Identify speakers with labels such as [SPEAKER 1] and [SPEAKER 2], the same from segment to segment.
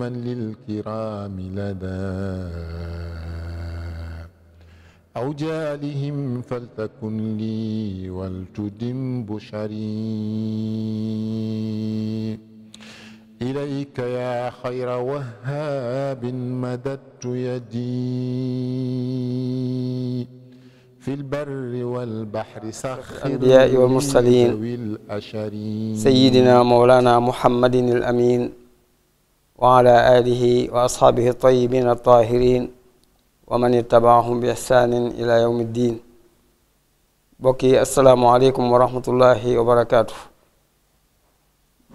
[SPEAKER 1] دائما للكرام لدى أوجالهم فلتكن لي ولتدم بشري إليك يا خير وهاب مددت يدي في البر والبحر سخر الأنبياء
[SPEAKER 2] والمرسلين سيدنا مولانا محمد الأمين وعلى آله وأصحابه الطيبين الطاهرين ومن اتبعهم بإحسان إلى يوم الدين bokki asalaamualeykum wa rahmatullahi wa barakaatu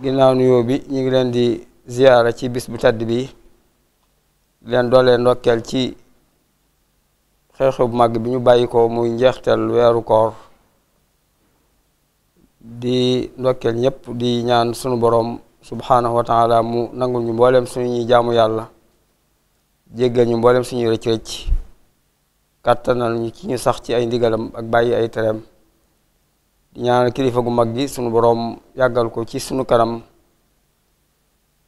[SPEAKER 2] ginnaaw nuyoo bi ñu ngi leen di ziyaara ci bis bu tedd bi leen doolee ndokkeel ci xew-xew bu màgg bi ñu bàyyi ko muy njeexteel weeru koor di ndokkeel ñépp di ñaan sunu boroom subhaanahu wa mu nangu ñu mbooleem suñuy jaamu yàlla jéggal ñu mbooleem suñuy rëcc rëcc kàttanal ñu ci ñu sax ci ay ndigalam ak bàyyi ay tereem di ñaanal kilifa gu mag gi suñu boroom yàggal ko ci suñu kanam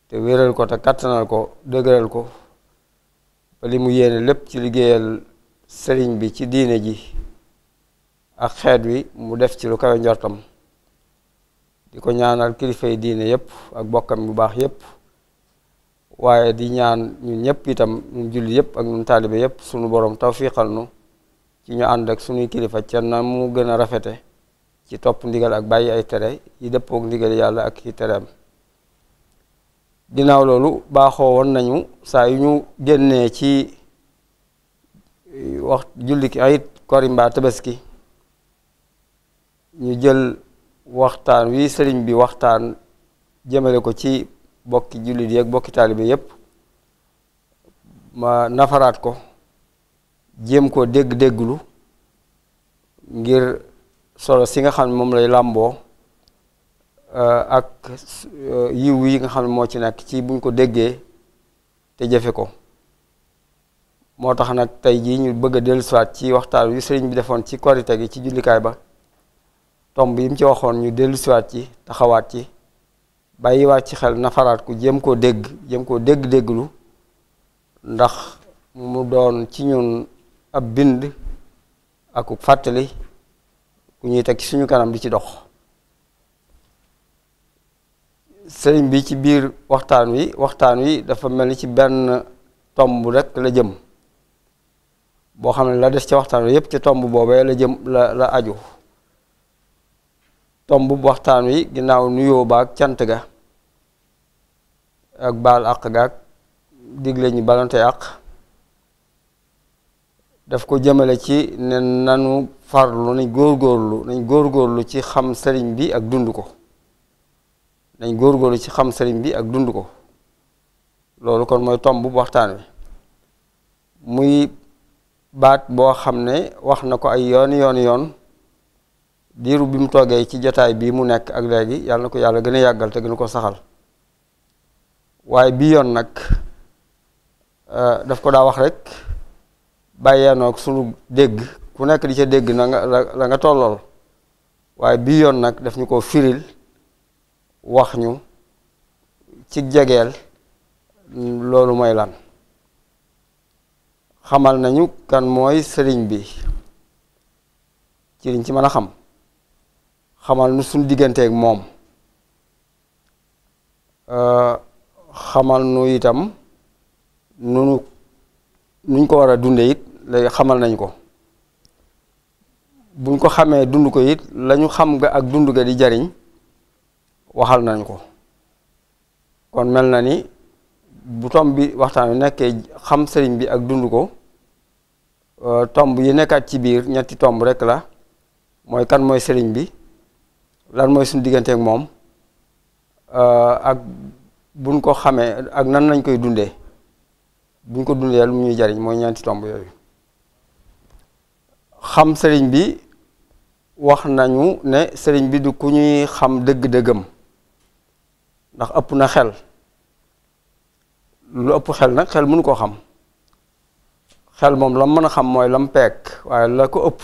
[SPEAKER 2] te wéral ko te kàttanal ko dëgëral ko ba li mu yéene lépp ci liggéeyal sëriñ bi ci diine ji ak xeet wi mu def ci lu kawe njortam di ko ñaanal kilifay diine yëpp ak bokkam bu baax yëpp waaye di ñaan ñun ñëpp itam ñun julli yëpp ak ñun taalibe yëpp sunu boroom tawfiqal nu ci ñu ànd ak sunuy kilifa ca na mu gën a rafete ci topp ndigal ak bàyyi ay tere yi dëppook ndigal yàlla ak i tereem ginnaaw loolu baaxoo woon nañu saa yu ñu génnee ci eh, wax julli ki ayit kori mbaa ñu jël waxtaan wi sëriñ bi waxtaan jëmale ko ci bokki jullit yi ak bokki taalibe yépp ma nafaraat ko jéem koo dégg-dégglu ngir solo si nga xam ne moom lay làmboo euh, ak euh, yiw yi nga xam ne moo ci nekk ci buñ ko déggee te jëfe ko moo tax nag tey jii ñu bëgg a dellusiwaat ci waxtaan wi sëriñ bi defoon ci korite gi ci jullikaay ba tomb yi mu ci waxoon ñu dellusiwaat ci taxawaat ci bàyyiwaat ci xel nafaraat ku jéem koo dégg jéem koo dégg-dégglu ndax mu doon ci ñun ab bind ak fàttali ku ñuy teg ci suñu kanam di ci dox sëriñ bi ci biir waxtaan wi waxtaan wi dafa mel ni ci benn tomb rek la jëm boo xam ne la des ci waxtaan wi yépp ca tomb boobee la jëm la la aju tomb bu waxtaan wi ginnaaw nuyoo baag cant ga ak baal àq gaag digle ñu balante àq daf ko jëmale ci ne nanu farlu nañ góorgóorlu nañ góorgóorlu ci xam bi ak dund ko nañ góorgóorlu ci xam sëriñ bi ak dund ko loolu kon mooy tomb bu waxtaan wi muy baat boo xam ne wax na ko ay yoon yoon yoon diiru bi mu toogee ci jotaay bii mu nekk ak léegi yàlla na ko yàlla gën a yàggal te gën a ko saxal waaye bii yoon nag euh, daf ko daa wax rek bàyyeenoo ak sunu dégg ku nekk di ca dégg na nga la nga tollool waaye bii yoon nag daf ñu ko firil wax ñu ci jegeel loolu mooy lan xamal nañu kan mooy sëriñ bi ci liñ ci mën a xam xamal nu suñ digganteek moom euh, xamal nu itam nu nuñ ko war a dunde it xamal nañ ko buñ ko xamee dund ko it lañu xam nga ak dund ga di jariñ waxal nañ ko kon mel na ni bu tomb bi waxtaan wi nekkee xam sëriñ bi ak dund ko euh, tomb yu nekkaat ci biir ñetti tomb rek la mooy kan mooy sëriñ bi lan mooy suñu digganteek moom euh, ak buñ ko xamee ak nan lañ koy dundee buñ ko dundee lu ñuy jariñ mooy ñeenti tomb yooyu xam sëriñ bi wax nañu ne sëriñ bi du ku ñuy xam dëgg-dëggam ndax ëpp na xel lu ëpp xel nag xel mënu koo xam xel moom lam mën a xam mooy lam peek waaye la ko ëpp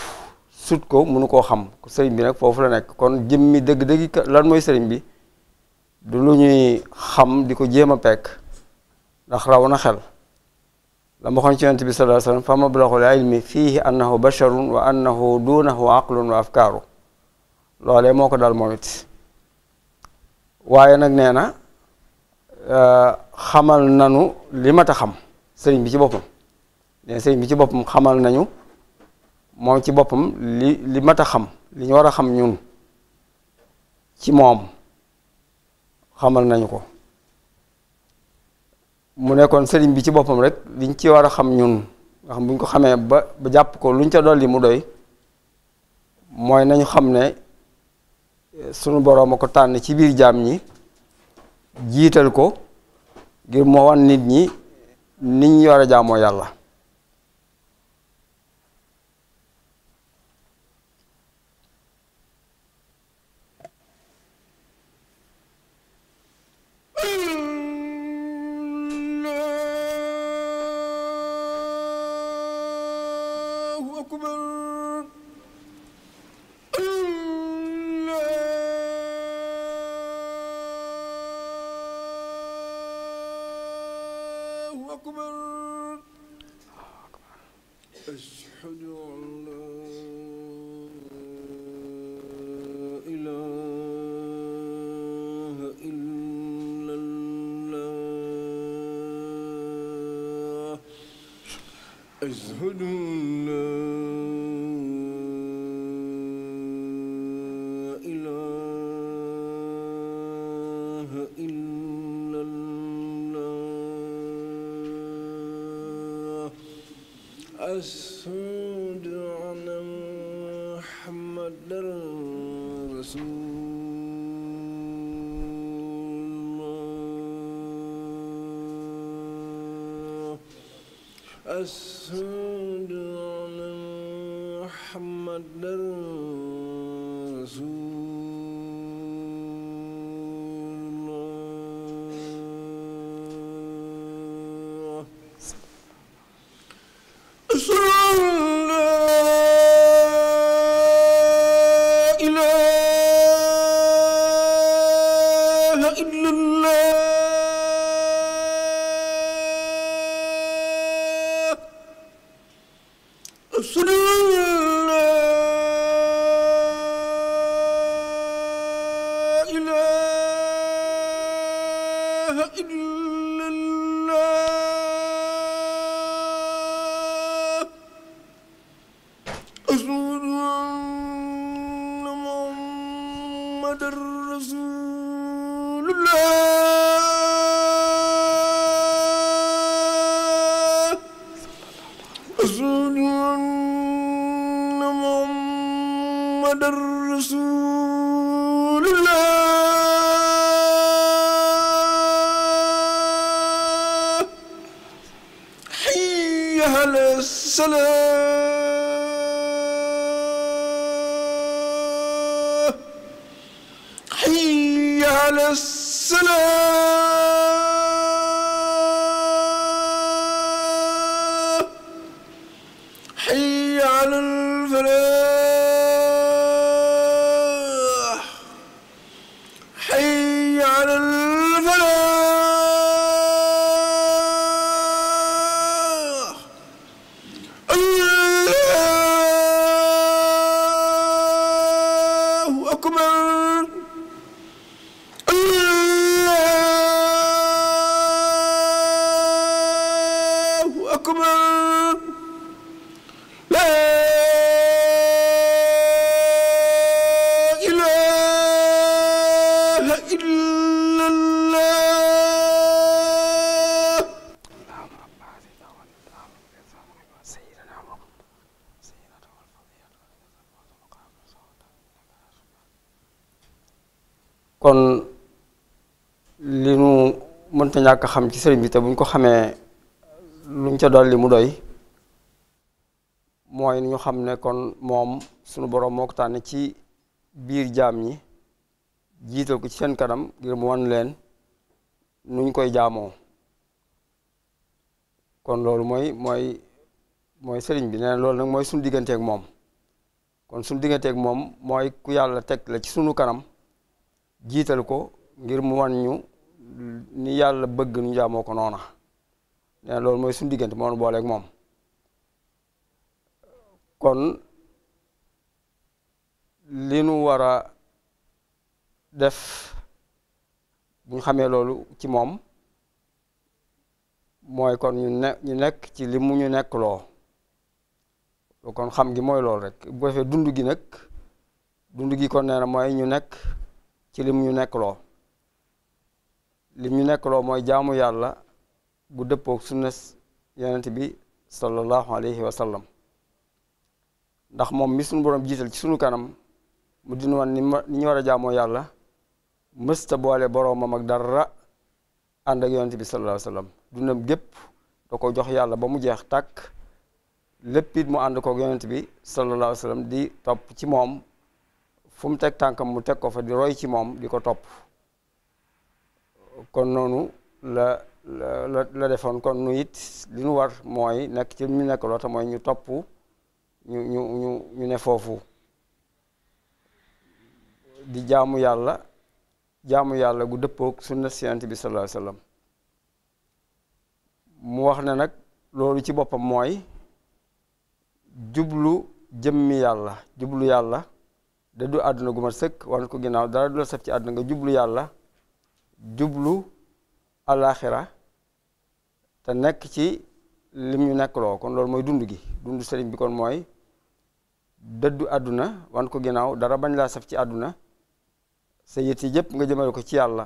[SPEAKER 2] sut ko mënu koo xam sëriñ bi nag foofu la nekk kon jëmmi dëgg-dëgg lan mooy sëriñ bi du lu ñuy xam di ko jéem a pekk ndax raw na xel la ma xoon ci yonent bi sallallahu alayhi wasallam fa mablaghul ilmi fiihi annahu basharun wa annahu duunahu aqlun wa afkaaru loolee moo ko daal moom waaye nag nee na euh, xamal nanu li mat a xam sëriñ bi ci boppam nee sëriñ bi ci boppam xamal nañu moom ci boppam li li mat a xam li ñu war a xam ñun ci moom xamal nañu ko mu nekkoon sëriñ bi ci boppam rek liñ ci war a xam ñun nga xam bu ko xamee ba jàpp ko luñ ca dolli mu doy mooy nañu xam ne eh, sunu boroom a ko tànn ci biir jaam ñi jiital ko ngir moo wan nit ñi niñ war a jaamoo yàlla
[SPEAKER 3] الرسول al
[SPEAKER 2] ñàkk xam ci sëriñ bi te buñ ko xamee luñ ca dolli mu doy mooy ñu xam ne kon moom sunu boroom moo ko tànn ci biir jaam ñi jiital ko ci seen kanam ngir mu wan leen nuñ koy jaamoo kon loolu mooy mooy mooy sëriñ bi nee na loolu nag mooy sunu digganteeg moom kon su sunu digganteeg moom mooy ku yàlla teg la ci sunu kanam jiital ko ngir mu wan ñu ni yàlla bëgg nu jaamoo ko noona nee loolu mooy suñu diggante moo nu booleeg moom kon li nu war a def bu ñu xamee loolu ci moom mooy kon ñu nekk ci li mu ñu nekk kon xam gi mooy loolu rek bu defee dund gi nag dund gi kon nee na mooy ñu nekk ci li mu ñu nekk li ñu nekkaloo mooy jaamu yàlla bu dëppoog sunna yonent bi sallallahu alayhi wa sallam ndax moom mi sunu boroom jiital ci sunu kanam mu din woon ni ñu war a jaamoo yàlla mësta boole boroomam ak dara ànd ak yonent bi sallallahu alayhi wa sallam dundam gépp da ko jox yàlla ba mu jeex tàkk lépp mu ànd koog yonent bi sallallahu alayhi wa di topp ci moom fu mu teg tànkam mu teg ko fa di roy ci moom di ko topp kon noonu la la la defoon kon nu it li nu war mooy nekk ci mu nekk loo mooy ñu topp ñu ñu ñu ne foofu di jaamu yàlla jaamu yàlla gu dëppook sunna siyent bi sallallahu alayhi wasallam mu wax ne nag loolu ci boppam mooy jublu jëmmi yàlla jublu yàlla da du àdduna gu ma sëkk wan ko ginnaaw dara du la saf ci àdduna nga jublu yàlla jublu alaxira te nekk ci lim ñu nekk loo kon loolu mooy dund gi dund sëriñ bi kon mooy dëddu àdduna wan ko ginnaaw dara bañ laa saf ci àdduna sa yit yi yëpp nga jëmale ko ci àlla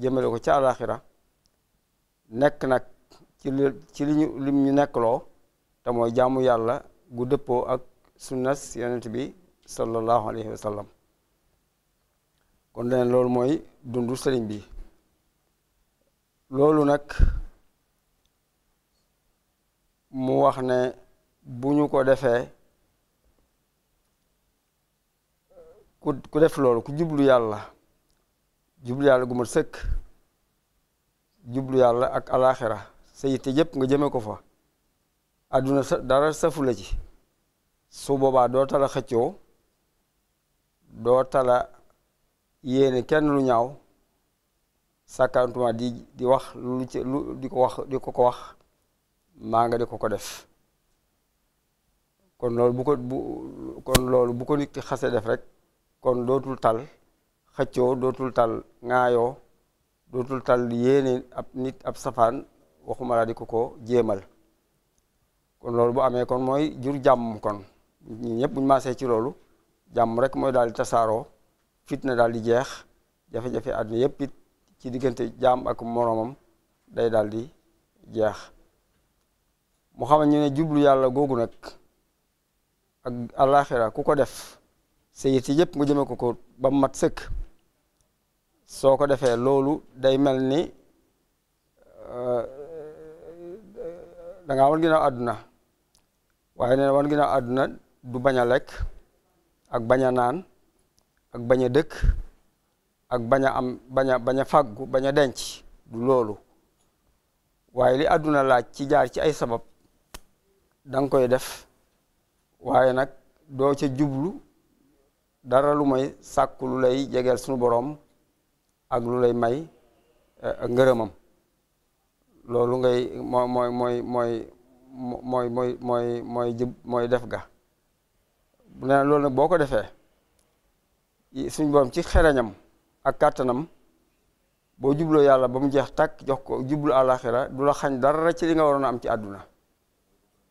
[SPEAKER 2] jëmale ko ci alaxira nekk nag ci li ci li ñu lim ñu nekk loo te mooy jaamu yàlla gu dëppoo ak sunnas yonent bi sallallahu alayhi wa sallam kon leneen loolu mooy dundu sëriñ bi loolu nag mu wax ne bu ñu ko defee ku def loolu ku jublu yàlla jublu yàlla gu mat sëkk jublu yàlla ak alaxira sa yitte yëpp nga jëme ko fa àdduna dara safu la ci su boobaa doo tala xëccoo doo tala yéene kenn lu ñaaw sàkkantuma di di wax lu ci lu di ko wax di ko ko wax maa nga di ko ko def kon loolu bu ko bu loolu bu ko nit xasee def rek kon dootul tal xëccoo dootul tal ŋaayoo dootul tal yéene ab nit ab safaan waxuma di ko ko jéemal kon loolu bu amee kon mooy jur jàmm kon ñi ñëpp buñu maasee ci loolu jàmm rek mooy daal di tasaaroo fitna daal di jeex jafe-jafe àddina yëpp it ci diggante jaam ak moroomam day daal di jeex mu xamal ñu ne jublu yàlla googu nag ak àllaaxira ku ko def sa yit yi yëpp nga jëme ko ko ba mat sëkk soo ko defee loolu day mel ni euh, da ngaa wan ginnaaw àdduna waaye nee na wan ginnaaw àdduna du bañ a lekk ak bañ a naan ak bañ a dëkk ak bañ a am bañ a bañ a fàggu bañ a denc du loolu waaye li àdduna laaj ci jaar ci ay sabab danga koy def waaye nag doo ca jublu dara lu may sàkku lu lay jegeel suñu boroom ak lu lay may eh, ngërëmam loolu ngay mooy mooy mooy mooy mooy mooy mooy mooy def ga nee na loolu nag boo ko defee suñ boroom ci xereñam ak kàttanam boo jubloo yàlla ba mu jeex tàkk jox ko jublu àllaaxira du la xañ dara ci li nga waroon a am ci àdduna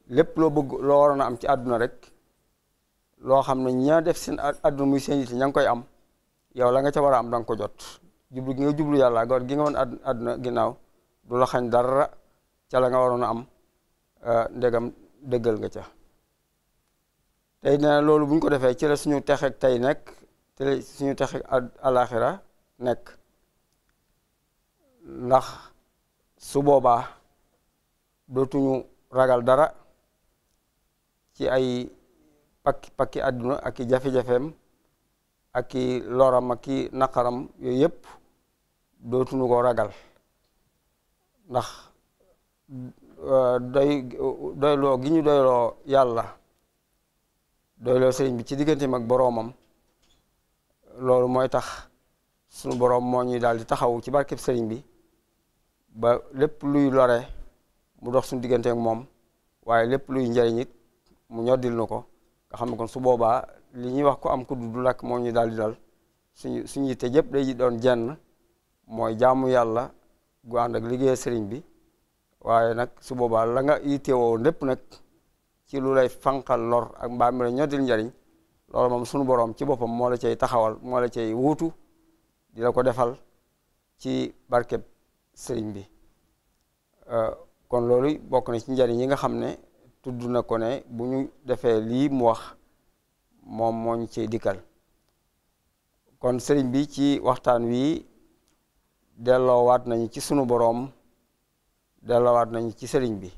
[SPEAKER 2] lépp loo bëgg loo waroon a am ci àdduna rek loo xam ne ña def seen àdduna muy seen yite ña ngi koy am yow la nga ca war a am danga ko jot jublu gi nga jublu yàlla gor gi nga woon àdduna ginnaaw du la xañ dara ca la nga waroon a am euh, ndegam dëggal nga ca tey nee loolu bu ñu ko defee ci la suñu texeeg tey nekk te la suñu tax alaxira nekk ndax su boobaa dootuñu ragal dara ci ay pakki pakki àdduna ak i jafe-jafeem ak i loram ak i naqaram yooyu yëpp dootuñu ko ragal ndax euh, doy doyloo gi ñu doyloo yàlla doyloo seen bi ci digganteem ak boroomam loolu mooy tax sunu boroom moo ñuy daal di taxaw ci barkeb sëriñ bi ba lépp luy lore mu dox suñu diggante ak moom waaye lépp luy njariñ it mu ñoddil nu ko nga xam ne kon su boobaa li ñuy wax ko am ku du lakk moo ñu daal di dal suñu suñu yitte jëpp day doon jenn mooy jaamu yàlla gu ànd ak liggéey sëriñ bi waaye nag su boobaa la nga yittewoo lépp nag ci lu lay fanqal lor ak mbaa mi la ñoddil njariñ loolu moom sunu boroom ci boppam moo la cay taxawal moo la cay wuutu di la ko defal ci barkeb sëriñ bi euh, kon loolu bokk na ci njariñ yi nga xam ne tudd na ko ne bu ñu defee lii mu wax moom mooñ cay dikkal kon sëriñ bi ci waxtaan wi delloowaat nañu ci sunu boroom delloowaat nañu ci sëriñ bi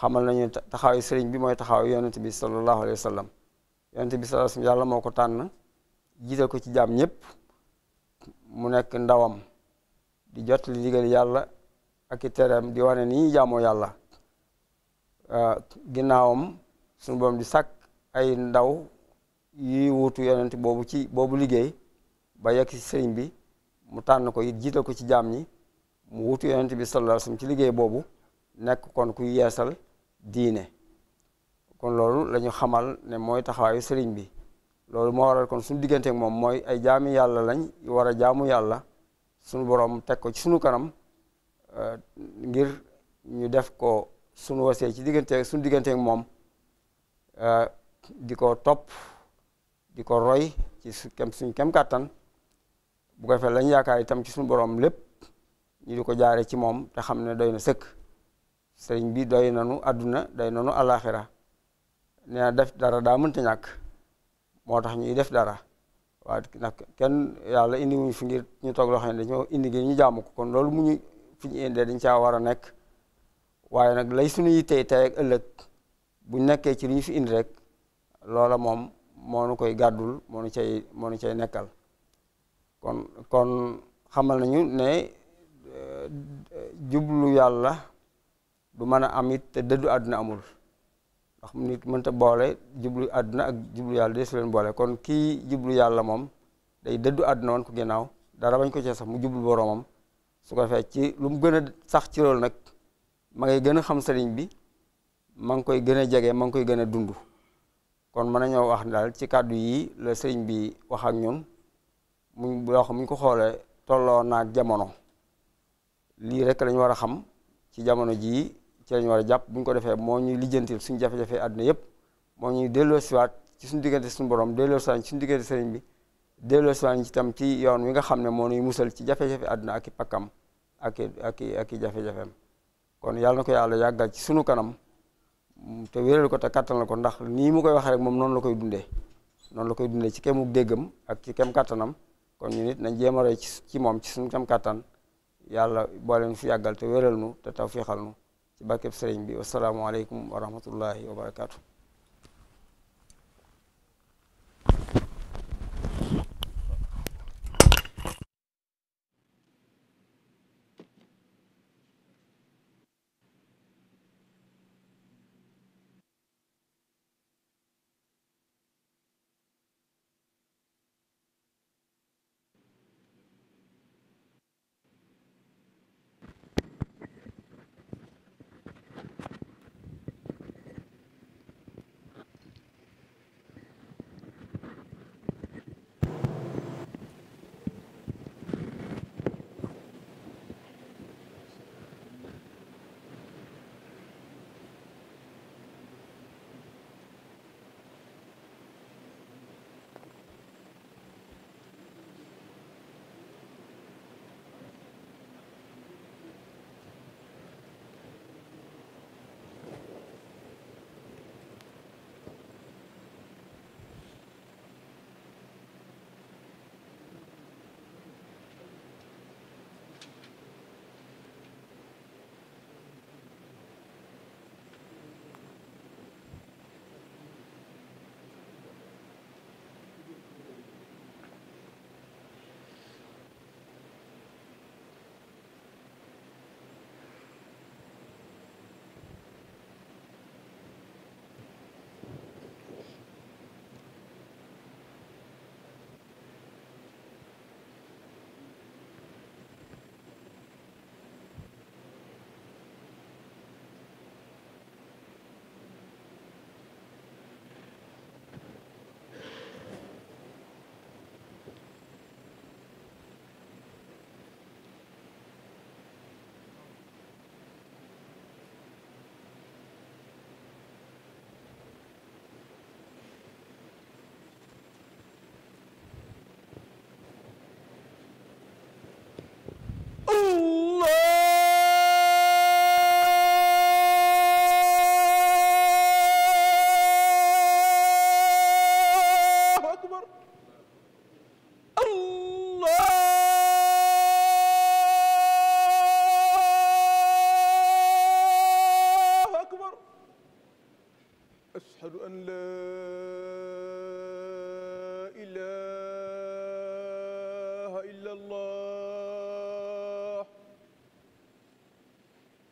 [SPEAKER 2] xamal nañu taxawaayu sëriñ bi mooy taxaw yonent bi sallallahu alayhi wa sallam yonent bi sallallahu alayhi wasallam moo ko tànn jiital ko ci jaam ñépp mu nekk ndawam di jot li ndigal yàlla ak i di wane ni ñuy jaamoo yàlla ginnaawam suñu di sàkk ay ndaw yuy wuutu yonent boobu ci liggéey ba yegg ci sëriñ bi mu tànn ko it jiital ko ci jaam ñi mu wuutu yonent bi sallallahu alayhi ci liggéey boobu nekk kon ku yeesal diine kon loolu lañu xamal ne mooy taxawaayu sëriñ bi loolu moo waral kon suñu digganteek moom mooy ay jaami yàlla lañ war a jaamu yàlla suñu boroom teg ko ci suñu kanam euh, ngir ñu def ko suñu wasee ci diggante suñu digganteek moom euh, di ko topp di ko roy ci su suñ kem kàttan bu ko defee lañ yaakaar itam ci suñu borom lépp ñu di ko jaare ci moom te xam ne doy na sëkk sëriñ bi doy nanu àdduna doy nanu àllaaxira nee na def dara daa mënta ñàkk moo tax ñuy def dara waaye nag kenn yàlla indi wuñ fi ngir ñu toog loo xam ne dañoo indi ñu jaamu ko kon loolu mu fi ñu indee dañ caa war a nekk waaye nag lay suñu yittee tey ak ëllëg buñ nekkee ci li ñu fi indi rek loola moom moo nu koy gàddul moo nu cay moo nu cay nekkal kon kon xamal nañu ne eh, jublu yàlla du mën a am it te dëddu àddina amul ndax nit mënta boole jublu àdduna ak jublu yàlla de su leen boole kon kii jublu yàlla moom day dëddu àdduna woon ko ginnaaw dara bañ ko ci sax mu jublu boroomam su ko defee ci lu mu gën a sax ci loolu nag ma ngay gën a xam sëriñ bi ma ngi koy gën a jege ma ngi koy gën a dund kon mën nañoo wax ne daal ci kàddu yi sëriñ bi wax ak ñun muñ loo xam ko xoolee tolloo naag jamono lii rek lañ war a xam ci jamono jii ci lañu war a jàpp bu ñu ko defee moo ñuy lijjantil suñ jafe-jafe àdduna yëpp moo ñuy delloosiwaat ci suñ diggante suñ boroom delloosiwaat ci suñ diggante sëriñ bi delloosiwaat ci tam ci yoon wi nga xam ne moo ñuy musal ci jafe-jafe àdduna ak i pakkam ak i ak i ak jafe-jafeem kon yàlla na ko yàggal ci suñu kanam te wéral ko te kattan la ko ndax nii mu koy waxee rek moom noonu la koy dundee noonu la koy dundee ci kemuk déggam ak ci kem kattanam kon ñu nit nañ jéem a roy ci moom ci suñu kem kattan yàlla boole nu fi yàggal nu te taw fiixal nu ci barkeb sëriñ bi wasalaamualeykum wa rahmatullahi wa barakaatu.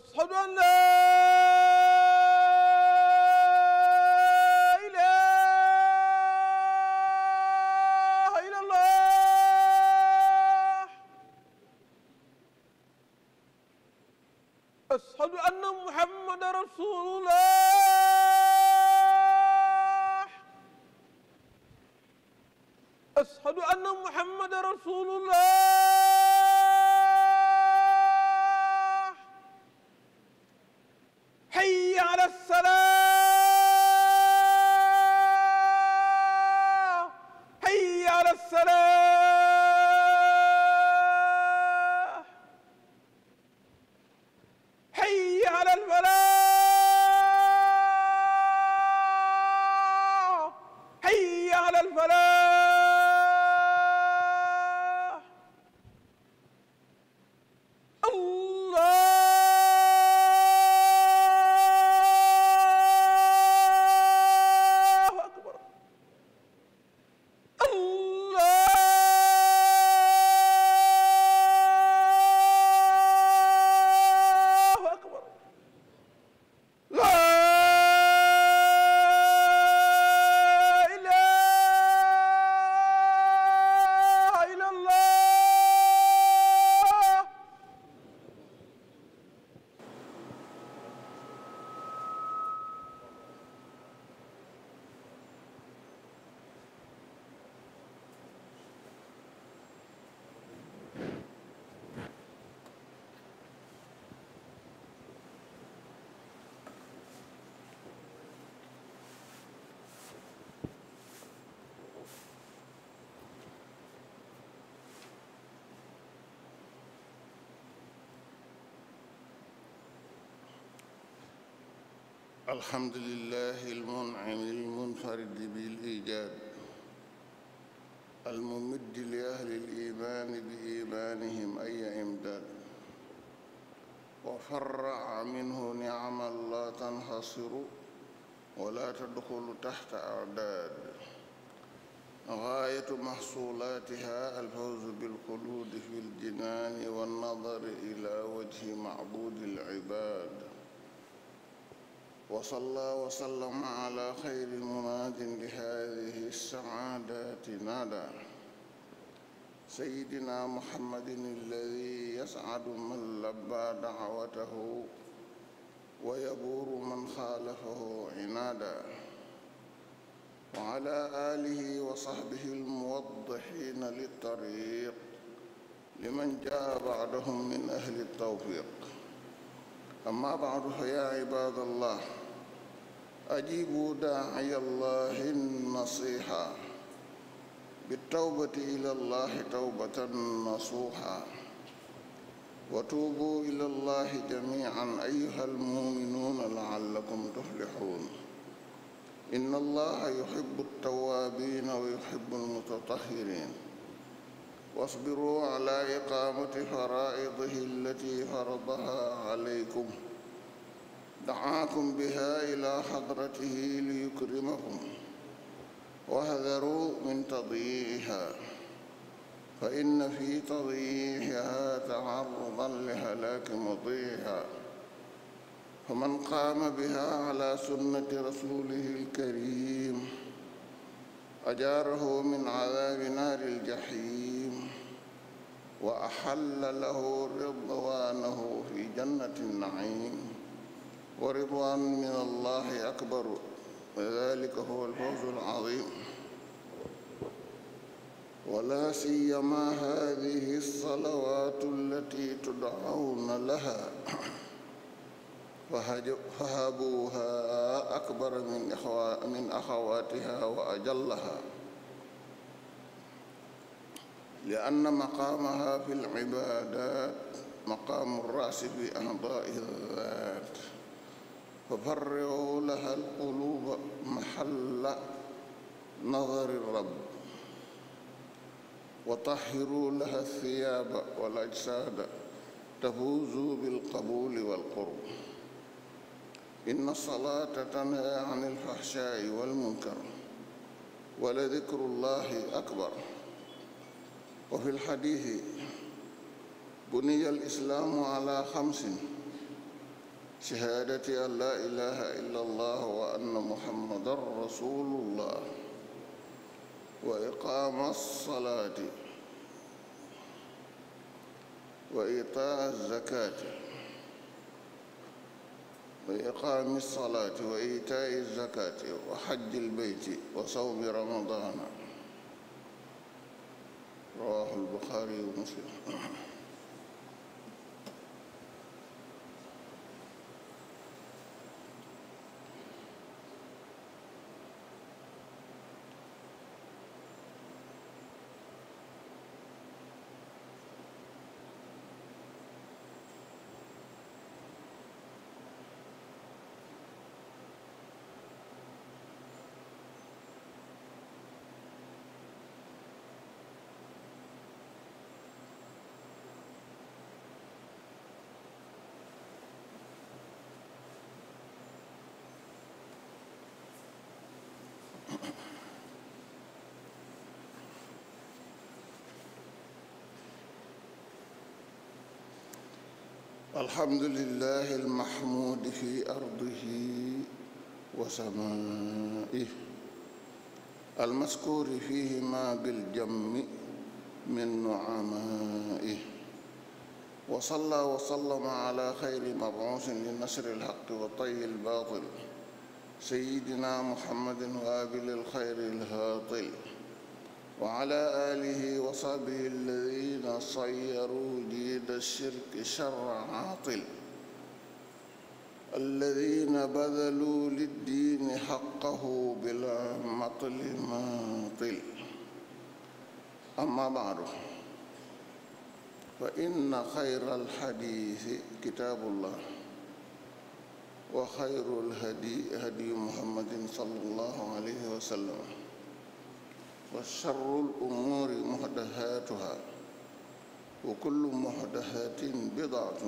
[SPEAKER 3] أشهد أن لا
[SPEAKER 1] الحمد لله المنعم المنفرد بالإيجاد الممد لأهل الإيمان بإيمانهم أي إمداد وفرع منه نعما لا تنحصر ولا تدخل تحت أعداد غاية محصولاتها الفوز بالخلود في الجنان والنظر إلى وجه معبود العباد وصلى وسلم على خير مناد لهذه السعادات نادى سيدنا محمد الذي يسعد من لبى دعوته ويبور من خالفه عنادا وعلى آله وصحبه الموضحين للطريق لمن جاء بعدهم من أهل التوفيق أما بعد فيا عباد الله أجيبوا داعي الله النصيحة بالتوبة إلى الله توبة نصوحا وتوبوا إلى الله جميعا أيها المؤمنون لعلكم تفلحون إن الله يحب التوابين ويحب المتطهرين واصبروا على إقامة فرائضه التي فرضها عليكم دعاكم بها إلى حضرته ليكرمكم واحذروا من تضييعها فإن في تضييعها تعرضا لهلاك مضيعها فمن قام بها على سنة رسوله الكريم أجاره من عذاب نار الجحيم وأحل له رضوانه في جنة النعيم wa ridwan min allahi akbar dalika huwa alfawzu alazim ولا سيما هذه الصلوات التي تدعون لها فهبوها أكبر من, إخوة من أخواتها وأجلها لأن مقامها في العبادات مقام الرأس في أعضاء الذات ففرغوا لها القلوب محل نظر الرب وطهروا لها الثياب والأجساد تفوزوا بالقبول والقرب إن الصلاة تنهى عن الفحشاء والمنكر ولذكر الله أكبر وفي الحديث بني الإسلام على خمس شهادة أن لا إله إلا الله وأن محمدا رسول الله وإقام الصلاة وإيتاء الزكاة وإقام الصلاة وإيتاء الزكاة وحج البيت وصوم رمضان رواه البخاري ومسلم الحمد لله المحمود في أرضه وسمائه المذكور فيهما بالجم من نعمائه وصلى وسلم على خير مبعوث لنشر الحق وطي الباطل سيدنا محمد وابل الخير الهاطل وعلى آله وصحبه الذين صيروا جيد الشرك شر عاطل الذين بذلوا للدين حقه بلا مطل ماطل أما بعد فإن خير الحديث كتاب الله وخير الهدي هدي محمد صلى الله عليه وسلم وشر الأمور محدثاتها وكل محدثات بدعة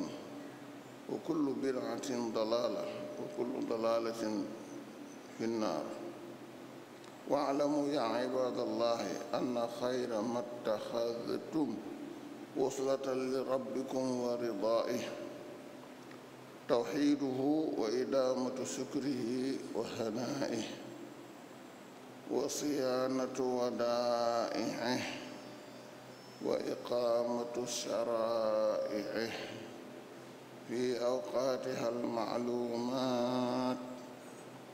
[SPEAKER 1] وكل بدعة ضلالة وكل ضلالة في النار واعلموا يا عباد الله أن خير ما اتخذتم وصلة لربكم ورضائه توحيده وإدامة شكره وهنائه وصيانة ودائعه وإقامة شرائعه في أوقاتها المعلومات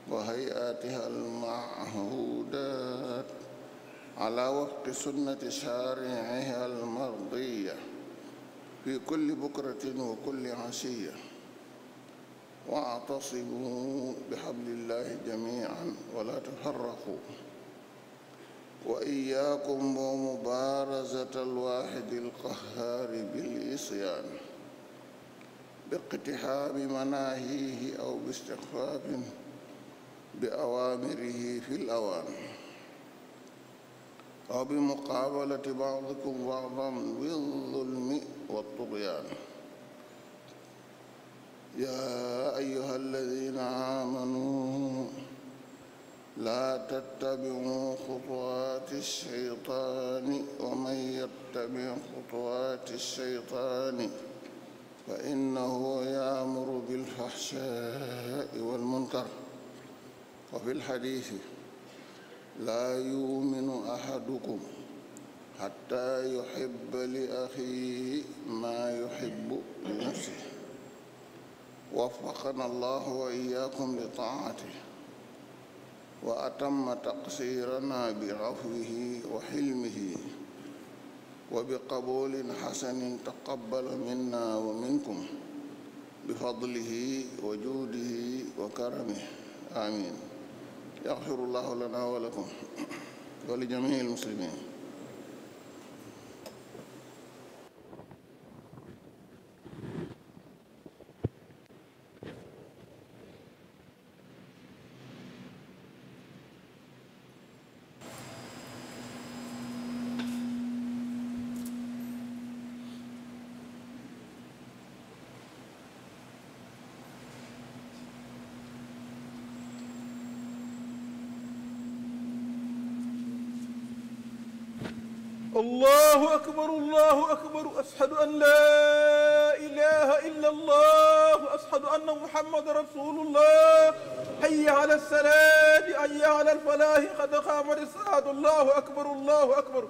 [SPEAKER 1] وهيئاتها المعهودات على وفق سنة شارعها المرضية في كل بكرة وكل عشية واعتصموا بحبل الله جميعا ولا تفرقوا وإياكم ومبارزة الواحد القهار بالعصيان باقتحام مناهيه أو باستخفاف بأوامره في الأوان أو بمقابلة بعضكم بعضا بالظلم والطغيان يا أيها الذين آمنوا لا تتبعوا خطوات الشيطان ومن يتبع خطوات الشيطان فإنه يأمر بالفحشاء والمنكر وفي الحديث لا يؤمن أحدكم حتى يحب لأخيه ما يحب لنفسه وفقنا الله وإياكم لطاعته وأتم تقصيرنا بعفوه وحلمه وبقبول حسن تقبل منا ومنكم بفضله وجوده وكرمه آمين يغفر الله لنا ولكم ولجميع المسلمين
[SPEAKER 3] allahu akbar allahu akbar ashhadu an laa ilaha illa allah ashhadu anna muhammadan rasulullah hayya ala salaati hayya ala alfalaahi qad qaamat saatu allahu akbar allahu akbar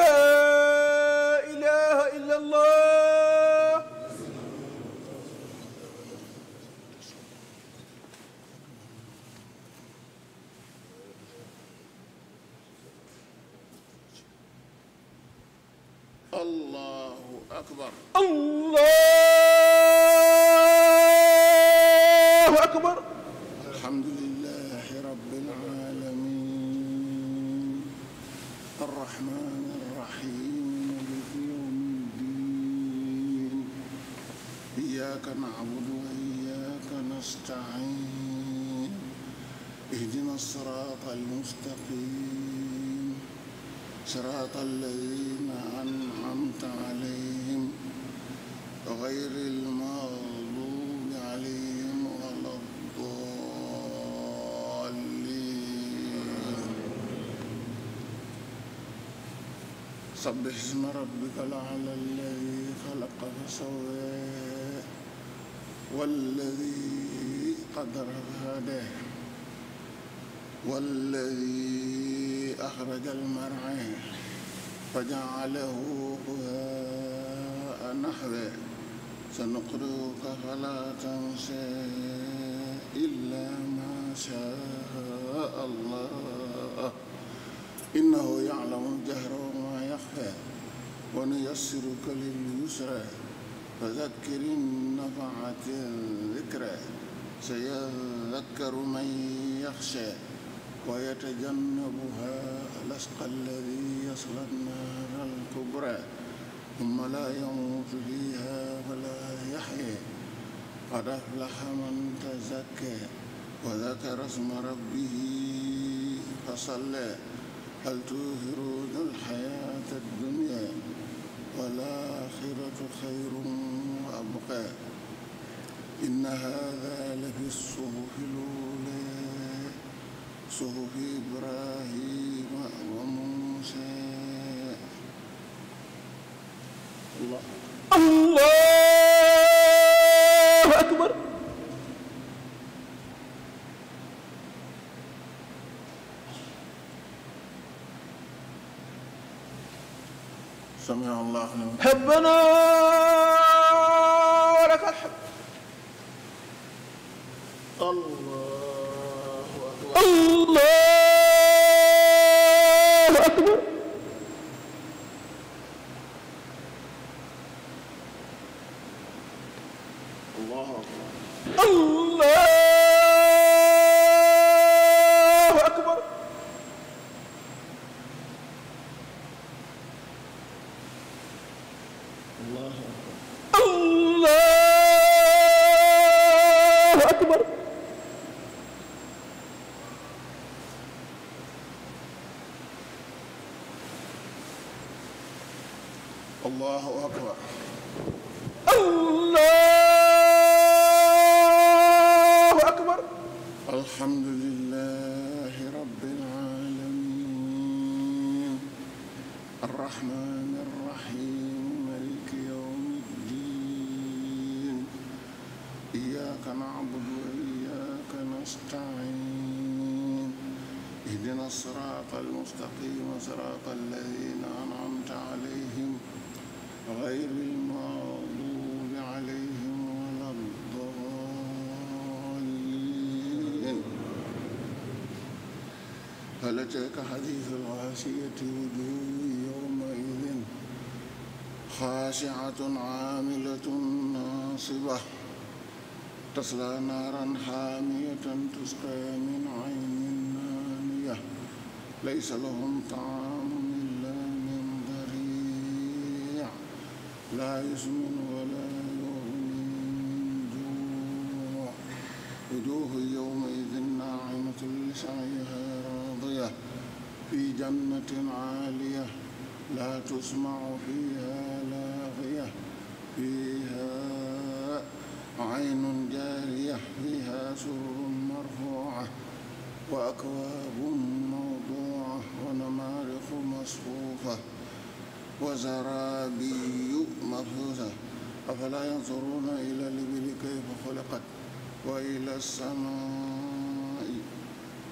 [SPEAKER 3] laa ilaha illa allah
[SPEAKER 1] akbar سبح اسم ربك الأعلى الذي خلق فسوى والذي قدر فهداه والذي أخرج المرعى فجعله غثاء نحوه سنقرئك فلا تنسى إلا ما شاء الله إنه يعلم الجهر وما ونيسرك لليسرى فذكر إن نفعت الذكرى سيذكر من يخشى ويتجنبها الأشقى الذي يصلى النار الكبرى ثم لا يموت فيها ولا يحيى قد أفلح من تزكى وذكر اسم ربه فصلى هل تؤثرون الحياة الدنيا والآخرة خير وأبقى إن هذا لفي الصحف الأولى صحف إبراهيم وموسى
[SPEAKER 3] الله الله سمع الله لمن حبنا ولك الحمد الله أكبر الله
[SPEAKER 1] أتاك حديث الغاشية وجوه يومئذ خاشعة عاملة ناصبة تصلى نارا حامية تسقى من عين آنية ليس لهم طعام إلا من ضريع لا يسمن ولا يغني من جوع وجوه يومئذ ناعمة لسعيها راضية في جنة عالية لا تسمع فيها لاغية فيها عين جارية فيها سرر مرفوعة وأكواب موضوعة ونمارق مصفوفة وزرابي مبثوثة أفلا ينظرون إلى الإبل كيف خلقت وإلى السماء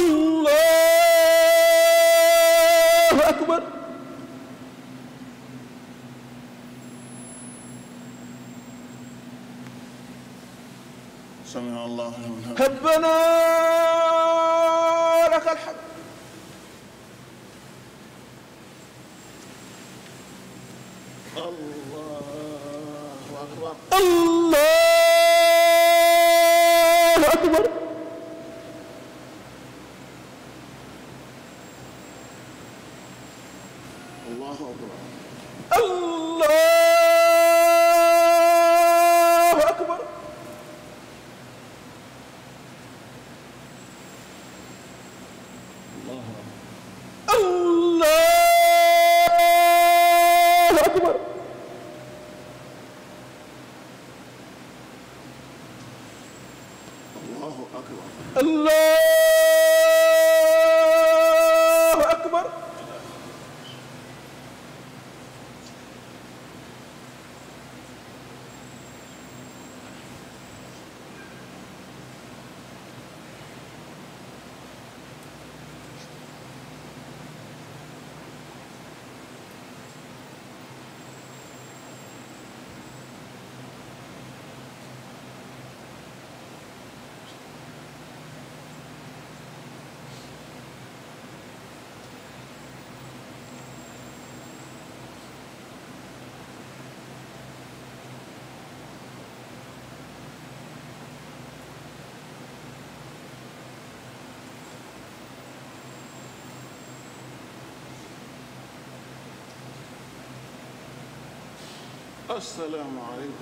[SPEAKER 3] allahu akbar
[SPEAKER 1] sami allah rabbana laka alhamd allahu akbar asalaamaaleykum.